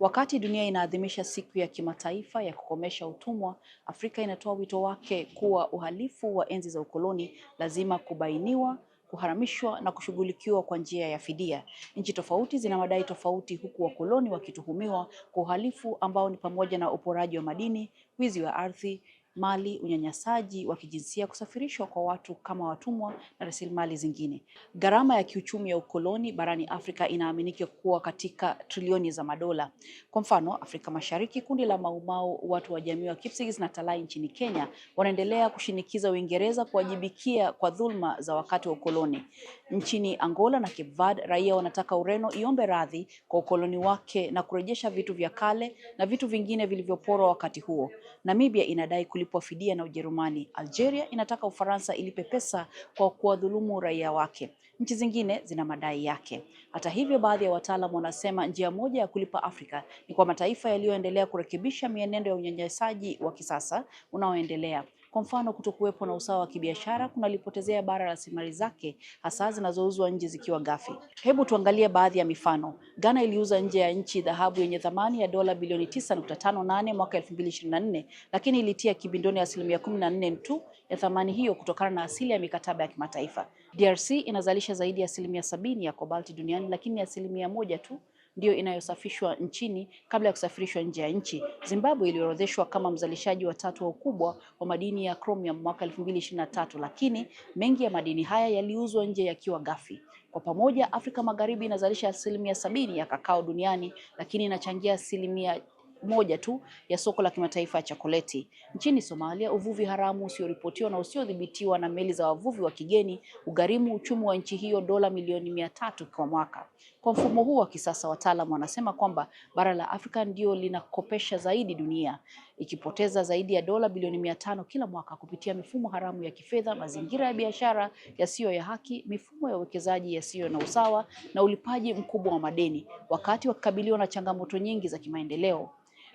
Wakati dunia inaadhimisha siku ya kimataifa ya kukomesha utumwa, Afrika inatoa wito wake kuwa uhalifu wa enzi za ukoloni lazima kubainiwa, kuharamishwa na kushughulikiwa kwa njia ya fidia. Nchi tofauti zina madai tofauti, huku wakoloni wakituhumiwa kwa uhalifu ambao ni pamoja na uporaji wa madini, wizi wa ardhi mali, unyanyasaji wa kijinsia, kusafirishwa kwa watu kama watumwa na rasilimali zingine. Gharama ya kiuchumi ya ukoloni barani Afrika inaaminika kuwa katika trilioni za madola. Kwa mfano, Afrika Mashariki, kundi la Maumau, watu wa jamii wa Kipsigis na Talai nchini Kenya wanaendelea kushinikiza Uingereza kuwajibikia kwa dhulma za wakati wa ukoloni. Nchini Angola na Cape Verde, raia wanataka Ureno iombe radhi kwa ukoloni wake na kurejesha vitu vya kale na vitu vingine vilivyoporwa wakati huo. Namibia inadai kulipa kulipwa fidia na Ujerumani. Algeria inataka Ufaransa ilipe pesa kwa kuwadhulumu raia wake. Nchi zingine zina madai yake. Hata hivyo, baadhi ya wataalamu wanasema njia moja ya kulipa Afrika ni kwa mataifa yaliyoendelea kurekebisha mienendo ya unyanyasaji wa kisasa unaoendelea. Kwa mfano, kutokuwepo na usawa wa kibiashara kunalipotezea bara rasilimali zake, hasa zinazouzwa nje zikiwa ghafi. Hebu tuangalie baadhi ya mifano. Ghana iliuza nje ya nchi dhahabu yenye thamani ya dola bilioni 9.58 mwaka 2024, lakini ilitia kibindoni asilimia 14 tu ya thamani hiyo kutokana na asili ya mikataba ya kimataifa. DRC inazalisha zaidi ya asilimia sabini ya kobalti duniani, lakini asilimia moja tu ndiyo inayosafishwa nchini kabla ya kusafirishwa nje ya nchi. Zimbabwe iliorodheshwa kama mzalishaji wa tatu wa ukubwa wa madini ya chromium mwaka 2023, lakini mengi ya madini haya yaliuzwa nje yakiwa ghafi. Kwa pamoja, Afrika Magharibi inazalisha asilimia sabini ya kakao duniani, lakini inachangia asilimia moja tu ya soko la kimataifa ya chokoleti. Nchini Somalia, uvuvi haramu usioripotiwa na usiodhibitiwa na meli za wavuvi wa kigeni ugharimu uchumi wa nchi hiyo dola milioni mia tatu kwa mwaka. Kwa mfumo huu wa kisasa, wataalam wanasema kwamba bara la Afrika ndio linakopesha zaidi dunia, ikipoteza zaidi ya dola bilioni mia tano kila mwaka kupitia mifumo haramu ya kifedha, mazingira ya biashara yasiyo ya haki, mifumo ya uwekezaji yasiyo na usawa na ulipaji mkubwa wa madeni, wakati wakikabiliwa na changamoto nyingi za kimaendeleo.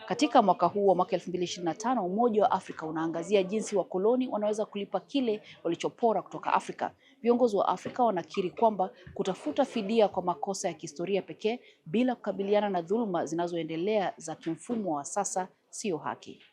Katika mwaka huu wa mwaka 2025 Umoja wa Afrika unaangazia jinsi wakoloni wanaweza kulipa kile walichopora kutoka Afrika. Viongozi wa Afrika wanakiri kwamba kutafuta fidia kwa makosa ya kihistoria pekee bila kukabiliana na dhuluma zinazoendelea za kimfumo wa sasa siyo haki.